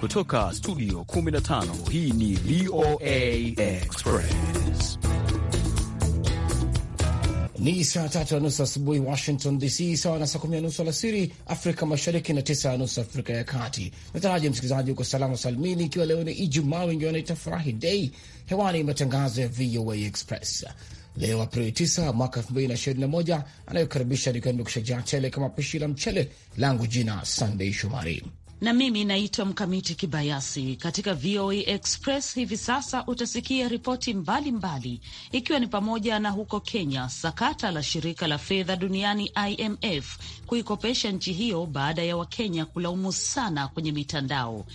Kutoka studio 15 hii ni VOA Express. Ni saa tatu na nusu asubuhi Washington DC, sawa na saa kumi na nusu alasiri Afrika Mashariki na tisa na nusu Afrika ya Kati. Nataraji msikilizaji uko salama salmini, ikiwa leo ni Ijumaa, wengi wanaita furahi dei. Hewani matangazo ya VOA Express leo Aprili 9 mwaka 2021, anayokaribisha nikiwa nimekusha jaa tele kama pishi la mchele langu, jina Sandei Shomari na mimi naitwa Mkamiti Kibayasi. Katika VOA Express hivi sasa utasikia ripoti mbalimbali, ikiwa ni pamoja na huko Kenya, sakata la shirika la fedha duniani IMF kuikopesha nchi hiyo baada ya Wakenya kulaumu sana kwenye mitandao.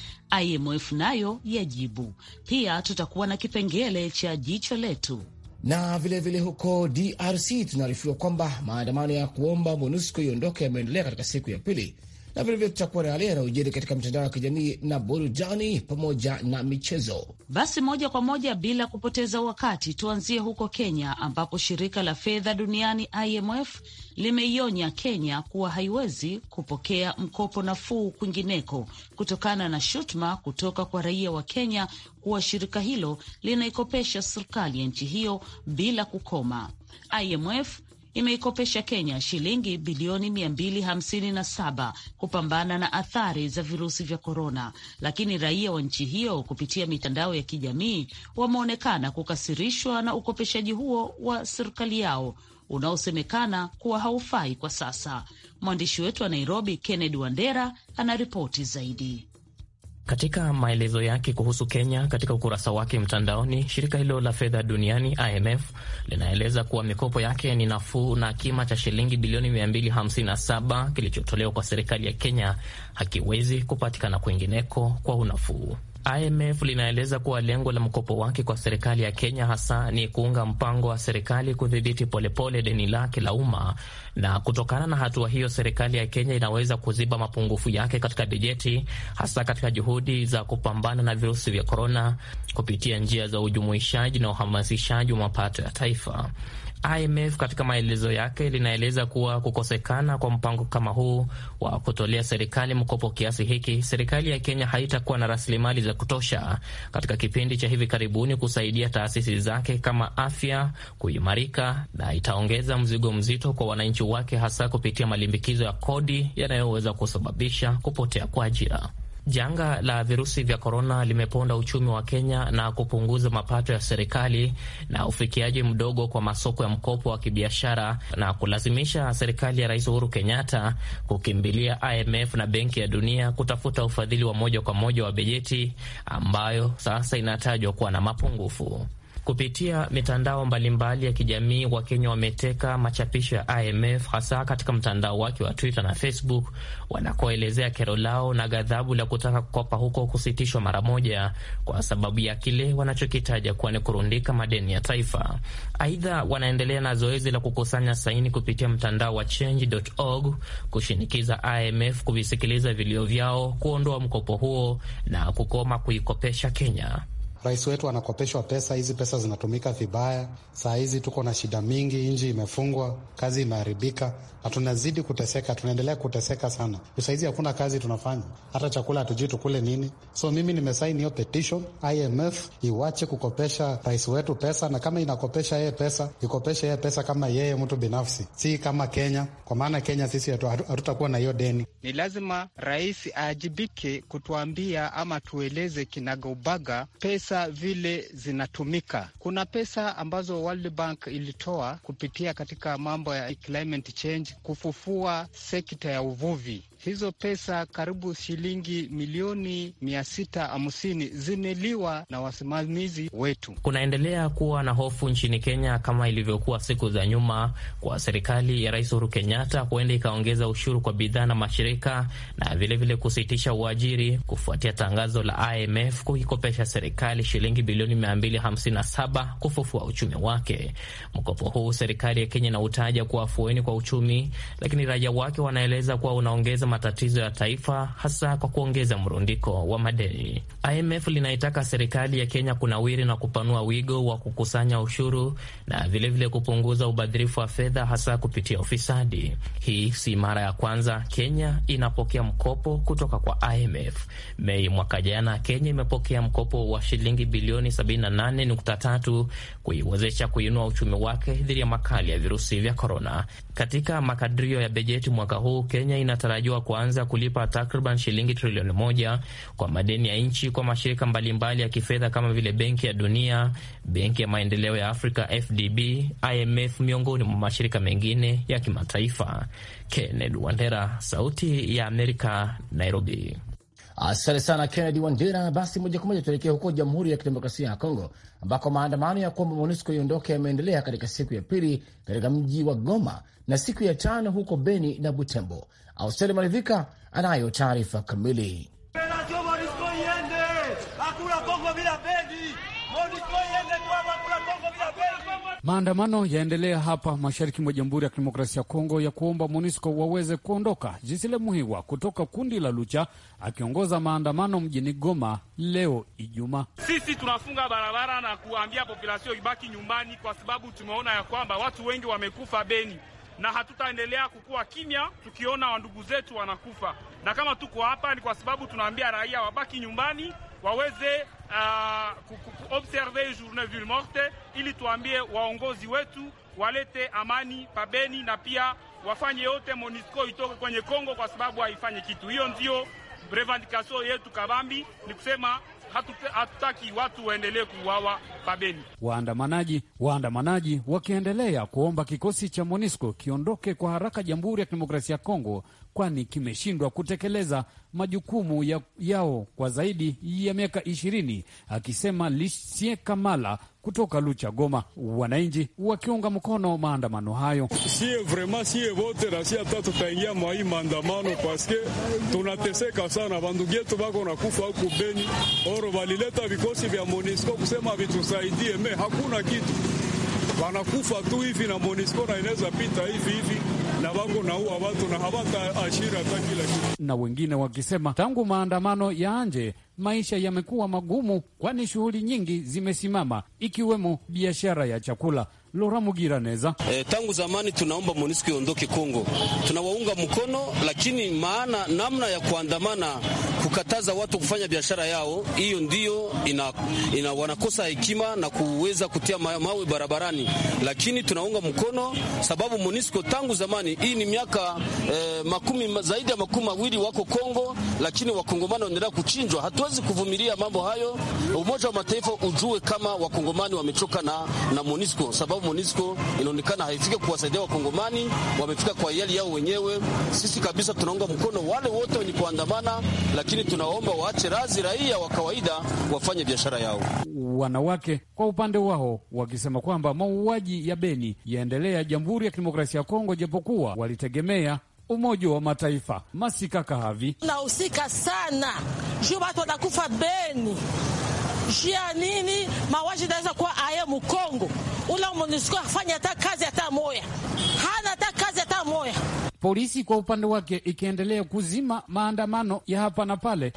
IMF nayo yajibu. Pia tutakuwa na kipengele cha jicho letu na vilevile vile huko DRC tunaarifiwa kwamba maandamano ya kuomba MONUSCO iondoke yameendelea katika siku ya pili na vilevile tutakuwa na yale yanayojiri katika mitandao ya kijamii na burudani pamoja na michezo. Basi moja kwa moja bila kupoteza wakati, tuanzie huko Kenya ambapo shirika la fedha duniani IMF limeionya Kenya kuwa haiwezi kupokea mkopo nafuu kwingineko kutokana na shutuma kutoka kwa raia wa Kenya kuwa shirika hilo linaikopesha serikali ya nchi hiyo bila kukoma. IMF imeikopesha Kenya shilingi bilioni 257 kupambana na athari za virusi vya korona, lakini raia wa nchi hiyo kupitia mitandao ya kijamii wameonekana kukasirishwa na ukopeshaji huo wa serikali yao unaosemekana kuwa haufai kwa sasa. Mwandishi wetu wa Nairobi, Kennedy Wandera, anaripoti zaidi. Katika maelezo yake kuhusu Kenya katika ukurasa wake mtandaoni, shirika hilo la fedha duniani IMF linaeleza kuwa mikopo yake ni nafuu na kima cha shilingi bilioni 257 kilichotolewa kwa serikali ya Kenya hakiwezi kupatikana kwingineko kwa unafuu. IMF linaeleza kuwa lengo la mkopo wake kwa serikali ya Kenya hasa ni kuunga mpango wa serikali kudhibiti polepole deni lake la umma, na kutokana na hatua hiyo, serikali ya Kenya inaweza kuziba mapungufu yake katika bajeti, hasa katika juhudi za kupambana na virusi vya korona kupitia njia za ujumuishaji na uhamasishaji wa mapato ya taifa. IMF katika maelezo yake linaeleza kuwa kukosekana kwa mpango kama huu wa kutolea serikali mkopo kiasi hiki, serikali ya Kenya haitakuwa na rasilimali za kutosha katika kipindi cha hivi karibuni kusaidia taasisi zake kama afya kuimarika, na itaongeza mzigo mzito kwa wananchi wake, hasa kupitia malimbikizo ya kodi yanayoweza kusababisha kupotea kwa ajira. Janga la virusi vya korona limeponda uchumi wa Kenya na kupunguza mapato ya serikali na ufikiaji mdogo kwa masoko ya mkopo wa kibiashara na kulazimisha serikali ya Rais Uhuru Kenyatta kukimbilia IMF na Benki ya Dunia kutafuta ufadhili wa moja kwa moja wa bajeti ambayo sasa inatajwa kuwa na mapungufu. Kupitia mitandao mbalimbali ya kijamii, Wakenya wameteka machapisho ya IMF hasa katika mtandao wake wa Twitter na Facebook wanakoelezea kero lao na ghadhabu la kutaka kukopa huko kusitishwa mara moja kwa sababu ya kile wanachokitaja kuwa ni kurundika madeni ya taifa. Aidha, wanaendelea na zoezi la kukusanya saini kupitia mtandao wa Change.org kushinikiza IMF kuvisikiliza vilio vyao, kuondoa mkopo huo na kukoma kuikopesha Kenya rais wetu anakopeshwa pesa, hizi pesa zinatumika vibaya. Saa hizi tuko na shida mingi, nchi imefungwa, kazi imeharibika, na tunazidi kuteseka, tunaendelea kuteseka sana. Usaizi hakuna kazi tunafanya, hata chakula hatujui tukule nini. So mimi nimesaini hiyo petition, IMF iwache kukopesha rais wetu pesa, na kama inakopesha yeye pesa, ikopeshe yeye pesa kama yeye mtu binafsi, si kama Kenya, kwa maana Kenya sisi hatutakuwa na hiyo deni. Ni lazima rais aajibike kutuambia ama tueleze kinagaubaga pesa pesa vile zinatumika. Kuna pesa ambazo World Bank ilitoa kupitia katika mambo ya climate change kufufua sekta ya uvuvi hizo pesa karibu shilingi milioni mia sita hamsini zimeliwa na wasimamizi wetu. Kunaendelea kuwa na hofu nchini Kenya kama ilivyokuwa siku za nyuma kwa serikali ya Rais Uhuru Kenyatta huenda ikaongeza ushuru kwa bidhaa na mashirika na vilevile vile kusitisha uajiri kufuatia tangazo la IMF kuikopesha serikali shilingi bilioni 257 kufufua uchumi wake. Mkopo huu serikali ya Kenya inautaja kuwa afueni kwa uchumi, lakini raia wake wanaeleza kuwa unaongeza matatizo ya taifa, hasa kwa kuongeza mrundiko wa madeni. IMF linaitaka serikali ya Kenya kunawiri na kupanua wigo wa kukusanya ushuru na vilevile vile kupunguza ubadhirifu wa fedha, hasa kupitia ufisadi. Hii si mara ya kwanza Kenya inapokea mkopo kutoka kwa IMF. Mei mwaka jana, Kenya imepokea mkopo wa shilingi bilioni 78.3 kuiwezesha kuinua uchumi wake dhidi ya makali ya virusi vya korona. Katika makadirio ya bajeti mwaka huu, Kenya inatarajiwa kuanza kulipa takriban shilingi trilioni moja kwa madeni ya nchi kwa mashirika mbalimbali mbali ya kifedha kama vile Benki ya Dunia, Benki ya Maendeleo ya Afrika FDB, IMF miongoni mwa mashirika mengine ya kimataifa. Kenneth Wandera, Sauti ya Amerika, Nairobi. Asante sana Kennedy Wandera. Basi moja kwa moja tuelekea huko Jamhuri ya Kidemokrasia ya Kongo, ambako maandamano ya kuomba MONUSCO iondoke yameendelea katika siku ya pili katika mji wa Goma na siku ya tano huko Beni na Butembo. Austeli Malivika anayo taarifa kamili. Maandamano yaendelea hapa mashariki mwa Jamhuri ya Kidemokrasia ya Kongo ya kuomba MONUSCO waweze kuondoka. Jisile Muhiwa kutoka kundi la Lucha akiongoza maandamano mjini Goma leo Ijumaa. Sisi tunafunga barabara na kuambia populasio ibaki nyumbani, kwa sababu tumeona ya kwamba watu wengi wamekufa Beni na hatutaendelea kukuwa kimya tukiona wandugu zetu wanakufa, na kama tuko hapa ni kwa sababu tunaambia raia wabaki nyumbani waweze uh, ah, kuobserve journée ville morte, ili tuambie waongozi wetu walete amani pabeni, na pia wafanye yote MONUSCO itoke kwenye Kongo kwa sababu haifanye kitu. Hiyo ndio revendication yetu kabambi, ni kusema hatutaki watu waendelee kuuawa pabeni. Waandamanaji waandamanaji wakiendelea kuomba kikosi cha MONUSCO kiondoke kwa haraka Jamhuri ya Kidemokrasia ya Kongo, kwani kimeshindwa kutekeleza majukumu ya, yao kwa zaidi ya miaka ishirini, akisema Lisie Kamala kutoka Lucha Goma, wananchi wakiunga mkono maandamano hayo. Sie vrema sie vote na sie hata tutaingia mwa hii maandamano paske tunateseka sana, vandugetu vako nakufa huku Beni oro valileta vikosi vya MONUSCO kusema vitu tusaidie, me hakuna kitu, wanakufa tu hivi, na Monisco na inaweza pita hivi hivi na wako naua watu na hawata ashira hata kila kitu. Na wengine wakisema tangu maandamano yaanje maisha yamekuwa magumu, kwani shughuli nyingi zimesimama, ikiwemo biashara ya chakula. Lora neza E, eh, tangu zamani tunaomba MONUSCO iondoke Kongo, tunawaunga mkono, lakini maana namna ya kuandamana kukataza watu kufanya biashara yao, hiyo ndiyo ina, ina wanakosa hekima na kuweza kutia mawe barabarani, lakini tunaunga mkono sababu MONUSCO tangu zamani, hii ni miaka e, makumi zaidi ya makumi mawili wako Kongo, lakini wakongomani wanaendelea kuchinjwa. Hatuwezi kuvumilia mambo hayo. Umoja wa Mataifa ujue kama wakongomani wamechoka na, na MONUSCO sababu MONUSCO inaonekana haifiki kuwasaidia Wakongomani, wamefika kwa yali yao wenyewe. Sisi kabisa tunaunga mkono wale wote wenye kuandamana, lakini tunaomba waache razi raia wa kawaida wafanye biashara yao. Wanawake kwa upande wao wakisema kwamba mauaji ya Beni yaendelea Jamhuri ya Kidemokrasia ya Kongo, japokuwa walitegemea Umoja wa Mataifa. Masika Kahavi nahusika sana juu watu wanakufa Beni jia nini mawaji naweza kuwa aye Mkongo ula MONUSCO afanya hata kazi hata moya, hana hata kazi hata moya. Polisi kwa upande wake ikiendelea kuzima maandamano ya hapa na pale.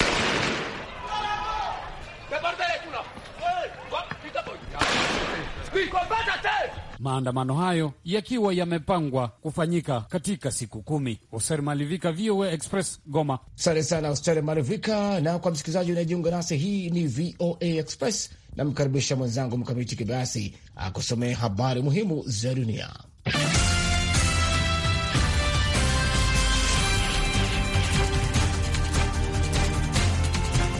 maandamano hayo yakiwa yamepangwa kufanyika katika siku kumi. Hoser Malivika, VOA Express, Goma. Asante sana Hoser Malivika. Na kwa msikilizaji unayejiunga nasi, hii ni VOA Express, namkaribisha mwenzangu Mkamiti Kibayasi akusomea habari muhimu za dunia.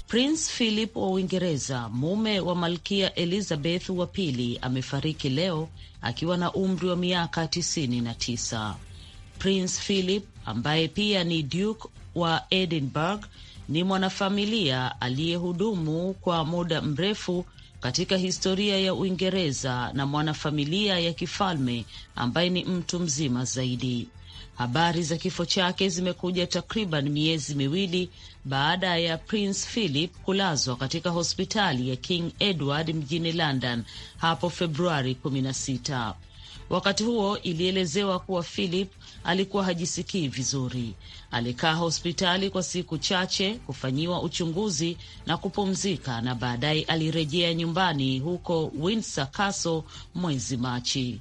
Prince Philip wa Uingereza, mume wa Malkia Elizabeth wa pili, amefariki leo akiwa na umri wa miaka 99. Prince Philip ambaye pia ni Duke wa Edinburgh ni mwanafamilia aliyehudumu kwa muda mrefu katika historia ya Uingereza na mwanafamilia ya kifalme ambaye ni mtu mzima zaidi. Habari za kifo chake zimekuja takriban miezi miwili baada ya Prince Philip kulazwa katika hospitali ya King Edward mjini London hapo Februari 16. Wakati huo ilielezewa kuwa Philip alikuwa hajisikii vizuri. Alikaa hospitali kwa siku chache kufanyiwa uchunguzi na kupumzika, na baadaye alirejea nyumbani huko Windsor Castle mwezi Machi.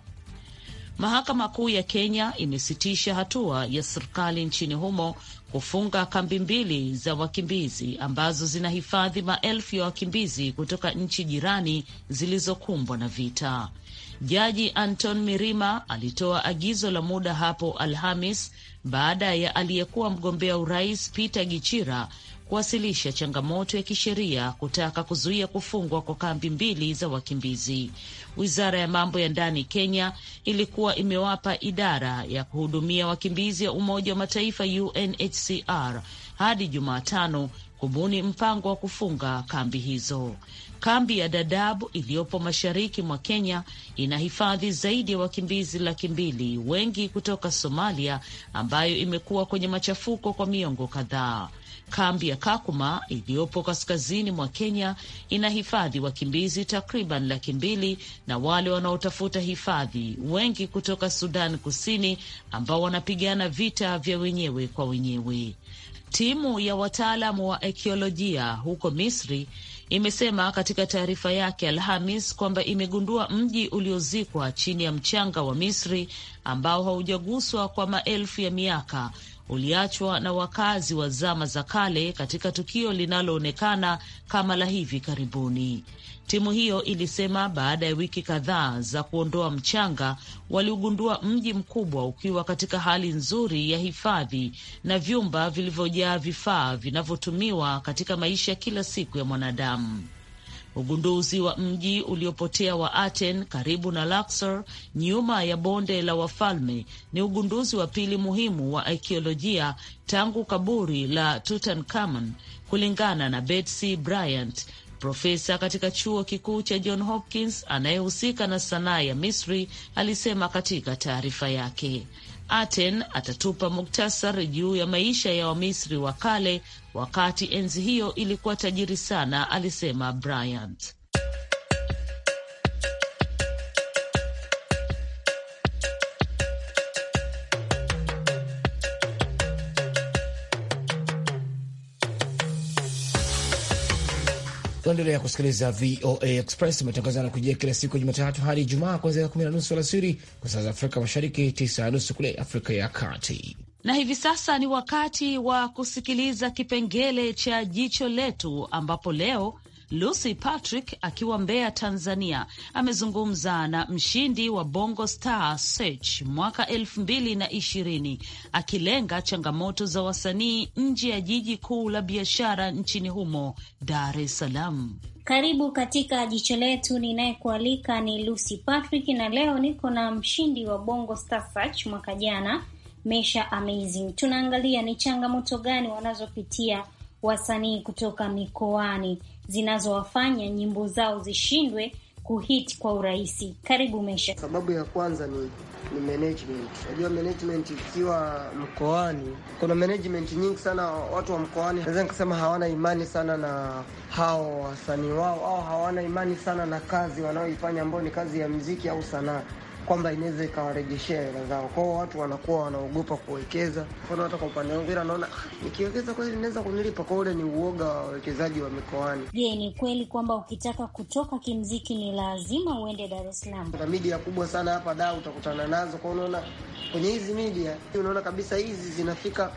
Mahakama Kuu ya Kenya imesitisha hatua ya serikali nchini humo kufunga kambi mbili za wakimbizi ambazo zinahifadhi maelfu ya wakimbizi kutoka nchi jirani zilizokumbwa na vita. Jaji Anton Mirima alitoa agizo la muda hapo Alhamis baada ya aliyekuwa mgombea urais Peter Gichira kuwasilisha changamoto ya kisheria kutaka kuzuia kufungwa kwa kambi mbili za wakimbizi. Wizara ya mambo ya ndani Kenya ilikuwa imewapa idara ya kuhudumia wakimbizi ya Umoja wa Mataifa UNHCR hadi Jumatano kubuni mpango wa kufunga kambi hizo. Kambi ya Dadaab iliyopo mashariki mwa Kenya ina hifadhi zaidi ya wakimbizi laki mbili, wengi kutoka Somalia, ambayo imekuwa kwenye machafuko kwa miongo kadhaa. Kambi ya Kakuma iliyopo kaskazini mwa Kenya inahifadhi wakimbizi takriban laki mbili na wale wanaotafuta hifadhi, wengi kutoka Sudan Kusini, ambao wanapigana vita vya wenyewe kwa wenyewe. Timu ya wataalamu wa ekiolojia huko Misri imesema katika taarifa yake Alhamis kwamba imegundua mji uliozikwa chini ya mchanga wa Misri ambao haujaguswa kwa maelfu ya miaka uliachwa na wakazi wa zama za kale katika tukio linaloonekana kama la hivi karibuni. Timu hiyo ilisema baada ya wiki kadhaa za kuondoa mchanga, waliugundua mji mkubwa ukiwa katika hali nzuri ya hifadhi na vyumba vilivyojaa vifaa vinavyotumiwa katika maisha kila siku ya mwanadamu. Ugunduzi wa mji uliopotea wa Aten karibu na Luxor nyuma ya bonde la Wafalme ni ugunduzi wa pili muhimu wa akiolojia tangu kaburi la Tutankhamun, kulingana na Betsy Bryant, profesa katika chuo kikuu cha John Hopkins anayehusika na sanaa ya Misri, alisema katika taarifa yake. Aten atatupa muktasar juu ya maisha ya Wamisri wa kale wakati enzi hiyo ilikuwa tajiri sana, alisema Bryant. Unaendelea kusikiliza VOA Express, matangazo yanakujia kila siku ya Jumatatu hadi Ijumaa, kuanzia kumi na nusu alasiri kwa saa za Afrika Mashariki, tisa na nusu kule Afrika ya Kati. Na hivi sasa ni wakati wa kusikiliza kipengele cha Jicho Letu, ambapo leo Lucy Patrick akiwa Mbeya, Tanzania, amezungumza na mshindi wa Bongo Star Search mwaka elfu mbili na ishirini akilenga changamoto za wasanii nje ya jiji kuu la biashara nchini humo, Dar es Salaam. Karibu katika jicho letu. Ninayekualika ni Lucy Patrick, na leo niko na mshindi wa Bongo Star Search mwaka jana, Mesha Amazing. Tunaangalia ni changamoto gani wanazopitia wasanii kutoka mikoani zinazowafanya nyimbo zao zishindwe kuhiti kwa urahisi. Karibu Mesha. Sababu ya kwanza ni ni management. Unajua management ikiwa mkoani, kuna management nyingi sana. Watu wa mkoani naweza nikasema hawana imani sana na hao wasanii wao, au hawana imani sana na kazi wanaoifanya ambayo ni kazi ya mziki au sanaa kwamba inaweza ikawarejeshea hela zao. Kwao watu wanakuwa wanaogopa kuwekeza. Mfano hata kwa upande wangu, ila naona nikiwekeza kweli inaweza kunilipa. Kwa ule ni uoga wa wawekezaji wa mikoani. Je, ni kweli kwamba ukitaka kutoka kimziki ni lazima uende Dar es Salaam? Kuna midia kubwa sana hapa da utakutana nazo kwao, unaona kwenye hizi midia unaona kabisa hizi zinafika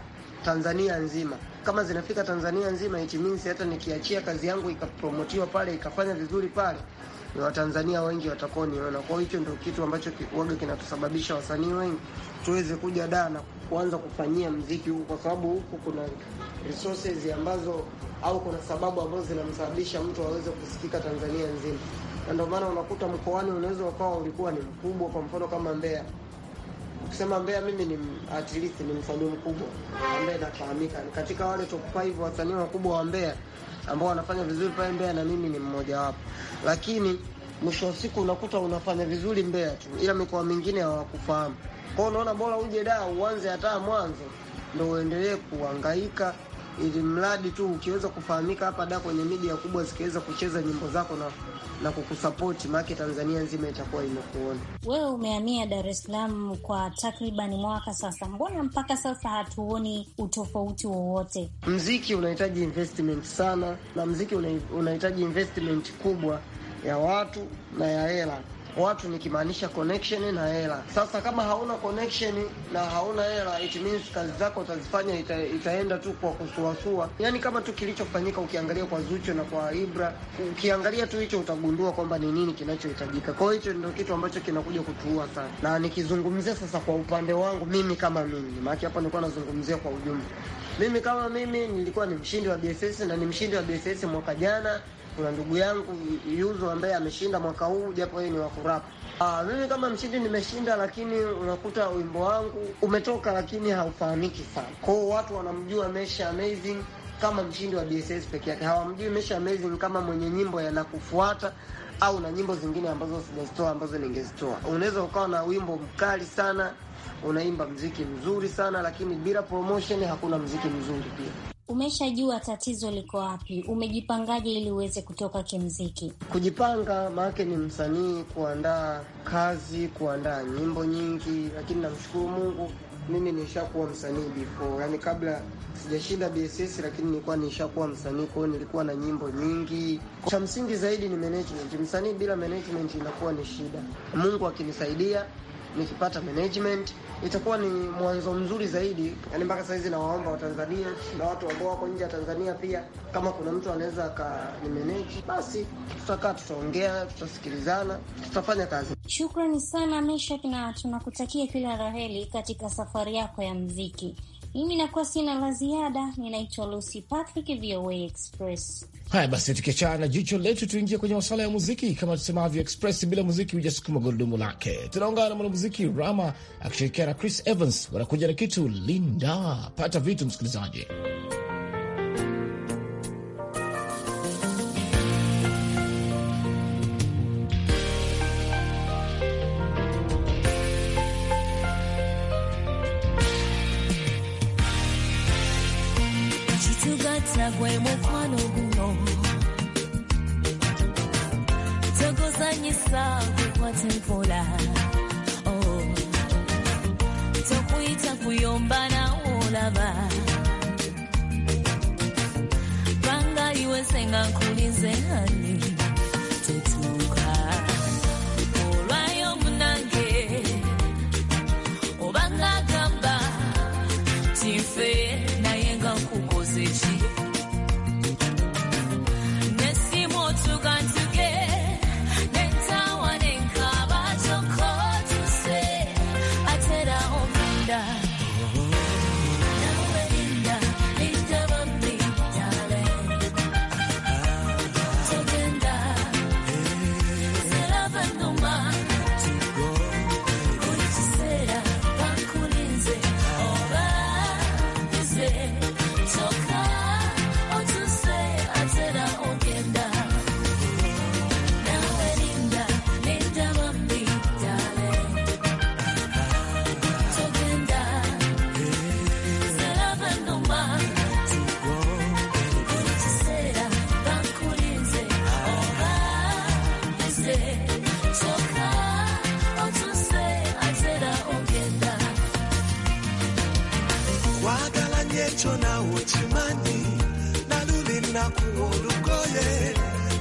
Tanzania nzima. Kama zinafika Tanzania nzima, it means hata nikiachia kazi yangu ikapromotiwa pale ikafanya vizuri pale, ni Watanzania wengi watakuwa niona. Kwa hicho ndio kitu ambacho kiwaga kinatusababisha wasanii wengi tuweze kuja da na kuanza kufanyia mziki huku, kwa sababu huku kuna resources ambazo au kuna sababu ambazo zinamsababisha mtu aweze kusikika Tanzania nzima, na ndio maana unakuta mkoani unaweza ukawa ulikuwa ni mkubwa, kwa mfano kama Mbeya Kusema Mbeya, mimi ni at least ni msanii mkubwa ambaye nafahamika katika wale top 5 wasanii wakubwa wa Mbeya ambao wanafanya vizuri pale Mbeya, na mimi ni mmoja wapo, lakini mwisho wa siku unakuta unafanya vizuri Mbeya tu, ila mikoa mingine hawakufahamu. Kwa hiyo unaona bora uje da uanze hata mwanzo, ndio uendelee kuhangaika ili mradi tu ukiweza kufahamika hapa da kwenye media kubwa zikiweza kucheza nyimbo zako na, na kukusapoti, maake Tanzania nzima itakuwa imekuona wewe. Umehamia Dar es Salaam kwa takribani mwaka sasa, mbona mpaka sasa hatuoni utofauti wowote? Mziki unahitaji investment sana, na mziki unahitaji investment kubwa ya watu na ya hela watu nikimaanisha connection na hela. Sasa kama hauna connection na hauna hela, it means kazi zako utazifanya ita, itaenda tu kwa kusuasua, yaani kama tu kilichofanyika ukiangalia kwa Zuchu na kwa Ibra, ukiangalia tu hicho utagundua kwamba ni nini kinachohitajika. Kwa hiyo hicho ndio kitu ambacho kinakuja kutuua sana, na nikizungumzia sasa kwa upande wangu mimi kama mimi, maana hapa nilikuwa nazungumzia kwa ujumla, mimi kama mimi nilikuwa ni mshindi wa BSS na ni mshindi wa BSS mwaka jana kuna ndugu yangu Yuzo ambaye ameshinda mwaka huu, japo yeye ni wa kurapa. Ah, mimi kama mshindi nimeshinda, lakini unakuta wimbo wangu umetoka, lakini haufahamiki sana kwao. Watu wanamjua Mesha Amazing kama mshindi wa BSS peke yake, hawamjui Mesha Amazing kama mwenye nyimbo yanakufuata au na nyimbo zingine ambazo sijazitoa ambazo ningezitoa. Unaweza ukawa na wimbo mkali sana, unaimba mziki mzuri sana, lakini bila promotion hakuna mziki mzuri pia. Umeshajua tatizo liko wapi, umejipangaje ili uweze kutoka kimziki? Kujipanga maanake ni msanii kuandaa kazi, kuandaa nyimbo nyingi, lakini namshukuru Mungu mimi nishakuwa msanii before, yaani kabla sijashinda BSS, lakini nilikuwa nishakuwa msanii, kwa hiyo nilikuwa na nyimbo nyingi. Cha msingi zaidi ni management. Msanii bila management inakuwa ni shida. Mungu akinisaidia nikipata management itakuwa ni mwanzo mzuri zaidi. Yani mpaka sahizi nawaomba Watanzania na watu ambao wako nje ya Tanzania pia, kama kuna mtu anaweza akanimeneji, basi tutakaa, tutaongea, tutasikilizana, tutafanya kazi. Shukrani sana Meshak, na tunakutakia kila raheli katika safari yako ya mziki. Mimi nakuwa sina la ziada. Ninaitwa Lucy Patrick, VOA Express. Haya basi, tukiachana na jicho letu, tuingie kwenye masuala ya muziki. Kama tusemavyo, express bila muziki hujasukuma gurudumu lake. Tunaungana na mwanamuziki Rama akishirikiana na Chris Evans, wanakuja na kitu Linda. Pata vitu msikilizaji. Ucho na uchimani narudi nakuwa urugoye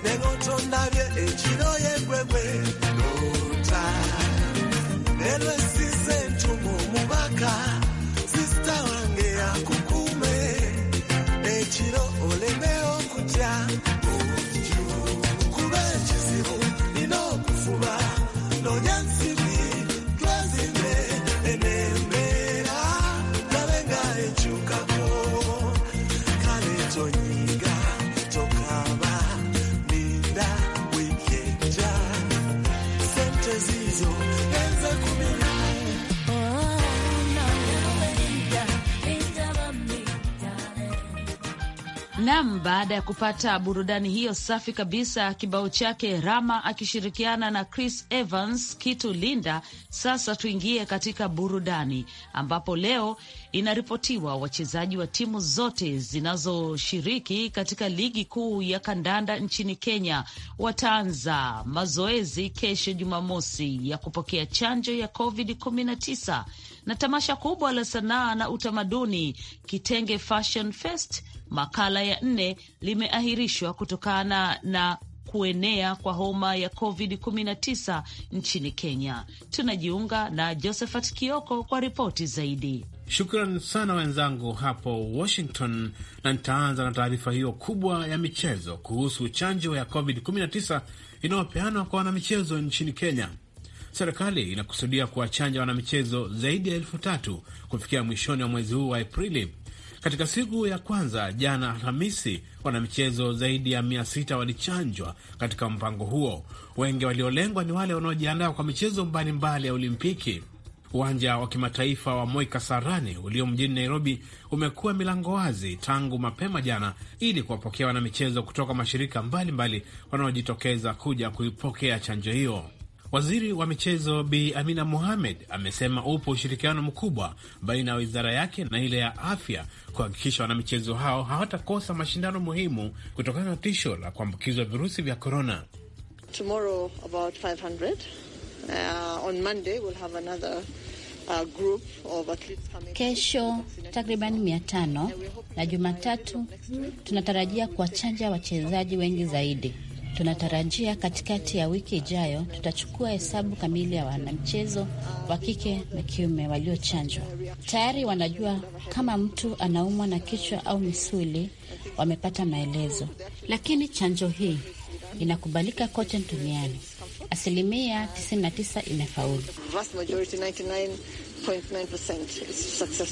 negotonabye ekiro yegwegwe Nam, baada ya kupata burudani hiyo safi kabisa, kibao chake Rama akishirikiana na Chris Evans kitu Linda. Sasa tuingie katika burudani, ambapo leo inaripotiwa wachezaji wa timu zote zinazoshiriki katika ligi kuu ya kandanda nchini Kenya wataanza mazoezi kesho Jumamosi ya kupokea chanjo ya COVID-19 na tamasha kubwa la sanaa na utamaduni Kitenge Fashion Fest, makala ya nne, limeahirishwa kutokana na kuenea kwa homa ya COVID-19 nchini Kenya. Tunajiunga na Josephat Kioko kwa ripoti zaidi. Shukran sana wenzangu hapo Washington, na nitaanza na taarifa hiyo kubwa ya michezo kuhusu chanjo ya COVID-19 inayopeanwa kwa wanamichezo nchini Kenya. Serikali inakusudia kuwachanja wanamichezo zaidi ya elfu tatu kufikia mwishoni wa mwezi huu wa Aprili. Katika siku ya kwanza jana Alhamisi, wanamichezo zaidi ya mia sita walichanjwa katika mpango huo. Wengi waliolengwa ni wale wanaojiandaa kwa michezo mbalimbali ya Olimpiki. Uwanja wa kimataifa wa Moi Kasarani ulio mjini Nairobi umekuwa milango wazi tangu mapema jana ili kuwapokea wanamichezo kutoka mashirika mbalimbali wanaojitokeza kuja kuipokea chanjo hiyo. Waziri wa michezo Bi Amina Mohamed amesema upo ushirikiano mkubwa baina ya wizara yake na ile ya afya kuhakikisha wanamichezo hao hawatakosa mashindano muhimu kutokana na tisho la kuambukizwa virusi vya korona. Uh, uh, Kesho takriban mia tano na Jumatatu tunatarajia kuwachanja wachezaji wengi zaidi. Tunatarajia katikati ya wiki ijayo tutachukua hesabu kamili ya wanamchezo wa kike na kiume waliochanjwa. Tayari wanajua kama mtu anaumwa na kichwa au misuli, wamepata maelezo. Lakini chanjo hii inakubalika kote duniani, asilimia 99 imefaulu.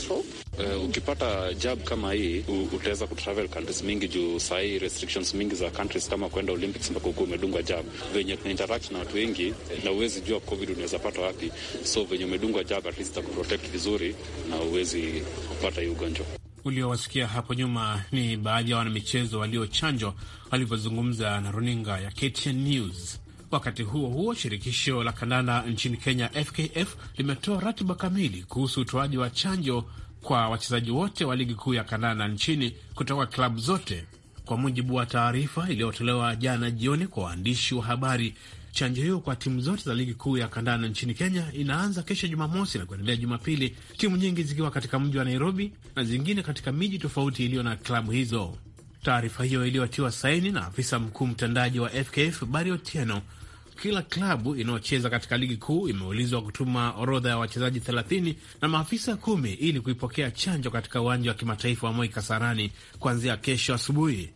Uh, ukipata job kama hii utaweza kutravel countries mingi juu sahii restrictions mingi za countries kama kwenda Olympics mpaka huku umedungwa job. Venye tunainteract na watu wengi na uwezi jua covid unaweza pata wapi, so venye umedungwa job at least takuprotect vizuri na uwezi kupata hii ugonjwa. Uliowasikia hapo nyuma ni baadhi ya wanamichezo waliochanjwa walivyozungumza na runinga ya KTN News. Wakati huo huo, shirikisho la kandanda nchini Kenya FKF limetoa ratiba kamili kuhusu utoaji wa chanjo kwa wachezaji wote wa ligi kuu ya kandanda nchini kutoka klabu zote. Kwa mujibu wa taarifa iliyotolewa jana jioni kwa waandishi wa habari, chanjo hiyo kwa timu zote za ligi kuu ya kandanda nchini Kenya inaanza kesho Jumamosi na kuendelea Jumapili, timu nyingi zikiwa katika mji wa Nairobi na zingine katika miji tofauti iliyo na klabu hizo. Taarifa hiyo iliyotiwa saini na afisa mkuu mtendaji wa FKF Bari Otieno kila klabu inayocheza katika ligi kuu imeulizwa kutuma orodha ya wachezaji 30 na maafisa kumi ili kuipokea chanjo katika uwanja wa kimataifa wa Moi Kasarani kuanzia kesho asubuhi.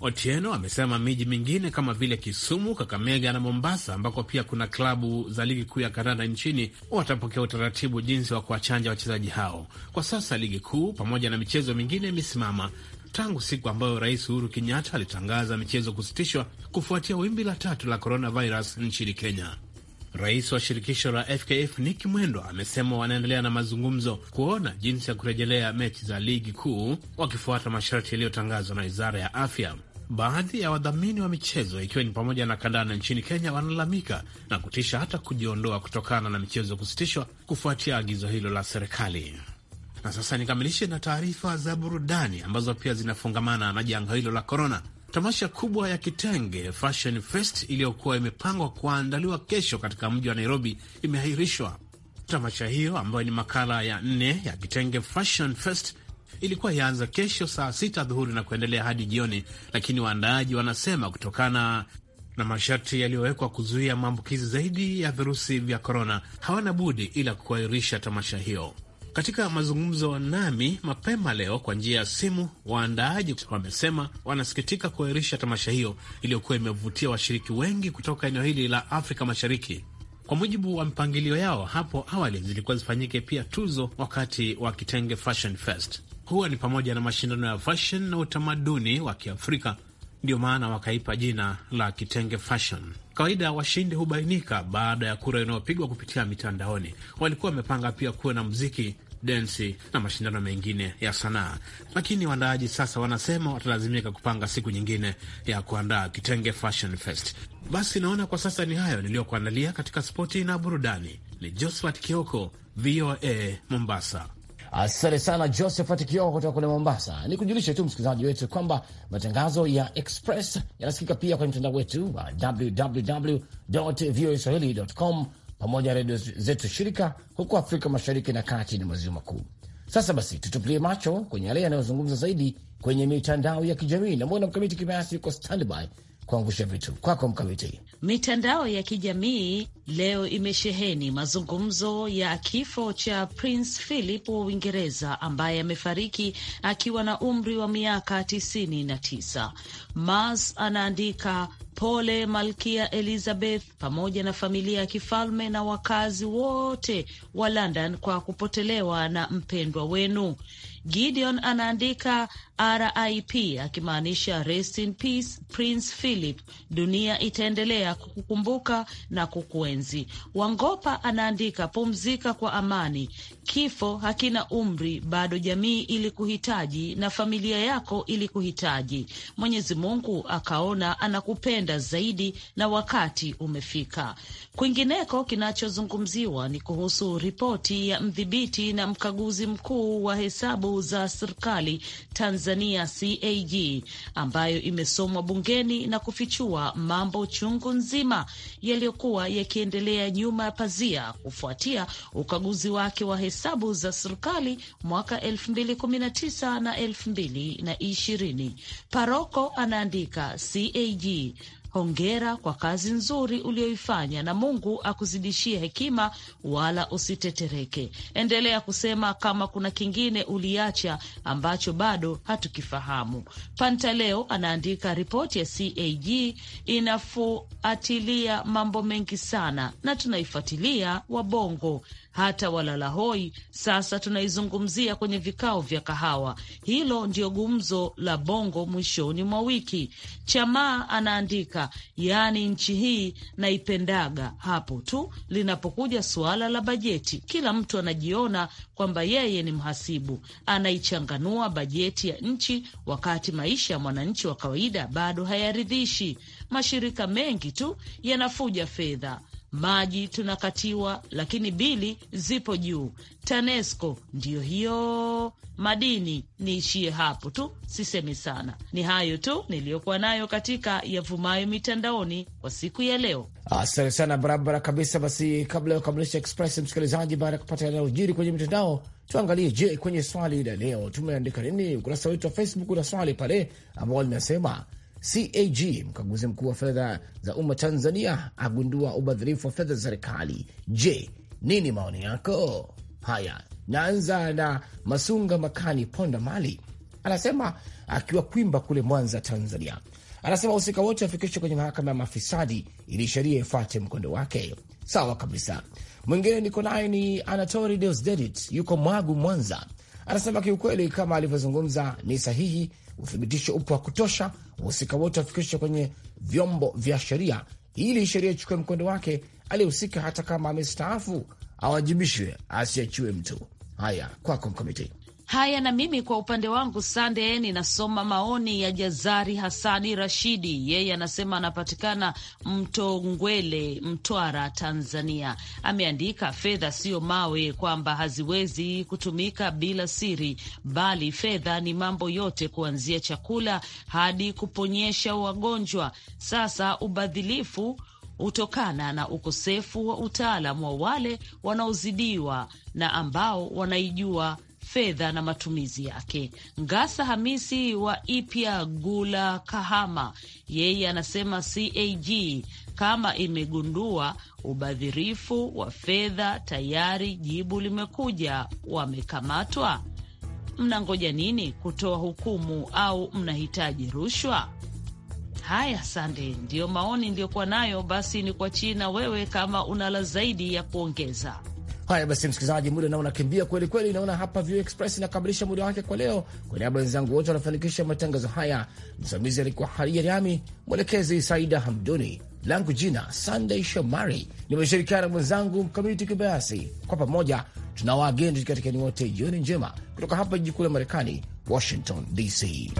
Otieno amesema miji mingine kama vile Kisumu, Kakamega na Mombasa, ambako pia kuna klabu za ligi kuu ya kandanda nchini, watapokea utaratibu jinsi wa kuwachanja wachezaji hao. Kwa sasa ligi kuu pamoja na michezo mingine imesimama, tangu siku ambayo Rais Uhuru Kenyatta alitangaza michezo kusitishwa kufuatia wimbi la tatu la coronavirus nchini Kenya. Rais wa shirikisho la FKF Nick Mwendwa amesema wanaendelea na mazungumzo kuona jinsi ya kurejelea mechi za ligi kuu wakifuata masharti yaliyotangazwa na wizara ya afya. Baadhi ya wadhamini wa michezo ikiwa ni pamoja na kandanda nchini Kenya wanalalamika na kutisha hata kujiondoa kutokana na michezo kusitishwa kufuatia agizo hilo la serikali. Na sasa nikamilishe na taarifa za burudani ambazo pia zinafungamana na janga hilo la korona. Tamasha kubwa ya kitenge Fashion Fest iliyokuwa imepangwa kuandaliwa kesho katika mji wa Nairobi imeahirishwa. Tamasha hiyo ambayo ni makala ya nne ya kitenge Fashion Fest ilikuwa yaanza kesho saa sita dhuhuri na kuendelea hadi jioni, lakini waandaaji wanasema kutokana na masharti yaliyowekwa kuzuia maambukizi zaidi ya virusi vya korona, hawana budi ila kuahirisha tamasha hiyo. Katika mazungumzo nami mapema leo kwa njia ya simu, waandaaji wamesema wanasikitika kuahirisha tamasha hiyo iliyokuwa imevutia washiriki wengi kutoka eneo hili la Afrika Mashariki. Kwa mujibu wa mpangilio yao, hapo awali zilikuwa zifanyike pia tuzo wakati wa Kitenge Fashion Fest. Huwa ni pamoja na mashindano ya fashion na utamaduni wa Kiafrika, ndio maana wakaipa jina la Kitenge Fashion kawaida washindi hubainika baada ya kura inayopigwa kupitia mitandaoni. Walikuwa wamepanga pia kuwe na mziki, densi na mashindano mengine ya sanaa, lakini waandaaji sasa wanasema watalazimika kupanga siku nyingine ya kuandaa Kitenge Fashion Fest. Basi naona kwa sasa ni hayo niliyokuandalia katika spoti na burudani. Ni Josphat Kioko, VOA Mombasa. Asante sana Josephat Kioo kutoka kule Mombasa. Ni kujulishe tu msikilizaji wetu kwamba matangazo ya Express yanasikika pia kwenye mtandao wetu wa www voa swahili com pamoja na redio zetu shirika huko Afrika Mashariki na kati na maziwa makuu. Sasa basi, tutupilie macho kwenye yale yanayozungumza zaidi kwenye mitandao ya kijamii. Namwona Mkamiti Kibayasi yuko standby kuangusha vitu kwako. Mkamiti, mitandao ya kijamii leo imesheheni mazungumzo ya kifo cha Prince Philip wa Uingereza ambaye amefariki akiwa na umri wa miaka tisini na tisa. Mas anaandika Pole Malkia Elizabeth pamoja na familia ya kifalme na wakazi wote wa London kwa kupotelewa na mpendwa wenu. Gideon anaandika RIP akimaanisha rest in peace Prince Philip, dunia itaendelea kukukumbuka na kukuenzi. Wangopa anaandika pumzika kwa amani. Kifo hakina umri, bado jamii ilikuhitaji na familia yako ilikuhitaji. Mwenyezi Mungu akaona anakupenda zaidi na wakati umefika. Kwingineko, kinachozungumziwa ni kuhusu ripoti ya mdhibiti na mkaguzi mkuu wa hesabu za serikali Tanzania CAG ambayo imesomwa bungeni na kufichua mambo chungu nzima yaliyokuwa yakiendelea nyuma ya pazia kufuatia ukaguzi wake wa hesabu hesabu za serikali mwaka elfu na tisa na Paroko anaandika CAG Hongera kwa kazi nzuri uliyoifanya, na Mungu akuzidishie hekima, wala usitetereke. Endelea kusema kama kuna kingine uliacha ambacho bado hatukifahamu. Pantaleo anaandika ripoti ya CAG inafuatilia mambo mengi sana, na tunaifuatilia Wabongo hata walalahoi sasa tunaizungumzia kwenye vikao vya kahawa. Hilo ndio gumzo la Bongo mwishoni mwa wiki. Chamaa anaandika, yaani nchi hii naipendaga hapo tu linapokuja suala la bajeti. Kila mtu anajiona kwamba yeye ni mhasibu, anaichanganua bajeti ya nchi, wakati maisha ya mwananchi wa kawaida bado hayaridhishi. Mashirika mengi tu yanafuja fedha maji tunakatiwa, lakini bili zipo juu. TANESCO ndiyo hiyo, madini. Niishie hapo tu, sisemi sana. Ni hayo tu niliyokuwa nayo katika yavumayo mitandaoni kwa siku ya leo. Asante sana, barabara kabisa. Basi kabla ya kukamilisha Express msikilizaji, baada ya kupata yanayojiri kwenye mitandao tuangalie, je, kwenye swali la leo tumeandika nini? Ukurasa wetu wa Facebook una swali pale ambao linasema CAG, mkaguzi mkuu wa fedha za umma Tanzania, agundua ubadhirifu wa fedha za serikali. Je, nini maoni yako? Haya, naanza na Masunga Makani Ponda Mali, anasema akiwa Kwimba kule Mwanza, Tanzania. Anasema wahusika wote wafikishwe kwenye mahakama ya mafisadi ili sheria ifuate mkondo wake. Sawa kabisa. Mwingine niko naye ni Anatori Deusdedit, yuko Mwagu, Mwanza. Anasema kiukweli, kama alivyozungumza ni sahihi, uthibitisho upo wa kutosha, wahusika wote wafikishwe kwenye vyombo vya sheria ili sheria ichukue mkondo wake. Aliyehusika hata kama amestaafu awajibishwe, asiachiwe mtu. Haya, kwako Mkamiti. Haya, na mimi kwa upande wangu Sande, ninasoma maoni ya Jazari Hasani Rashidi. Yeye anasema anapatikana Mtongwele, Mtwara, Tanzania. Ameandika fedha siyo mawe, kwamba haziwezi kutumika bila siri, bali fedha ni mambo yote, kuanzia chakula hadi kuponyesha wagonjwa. Sasa ubadhilifu hutokana na ukosefu wa utaalam wa wale wanaozidiwa na ambao wanaijua fedha na matumizi yake. Ngasa Hamisi wa Ipya Gula Kahama, yeye anasema CAG kama imegundua ubadhirifu wa fedha tayari, jibu limekuja, wamekamatwa. Mnangoja nini kutoa hukumu au mnahitaji rushwa? Haya, sande, ndiyo maoni ndiyokuwa nayo. Basi ni kwa China, wewe kama una la zaidi ya kuongeza. Haya basi, msikilizaji, muda naona kimbia kweli kweli, naona hapa View Express inakamilisha muda wake kwa leo. Kwa niaba ya wenzangu wote wanafanikisha matangazo haya, msimamizi alikuwa Haria Riami, mwelekezi Saida Hamduni, langu jina sandey Shomari, nimeshirikiana mwenzangu Mkamiti Kibayasi. Kwa pamoja tuna wageni katika ni wote, jioni njema kutoka hapa jiji kuu la Marekani, Washington DC.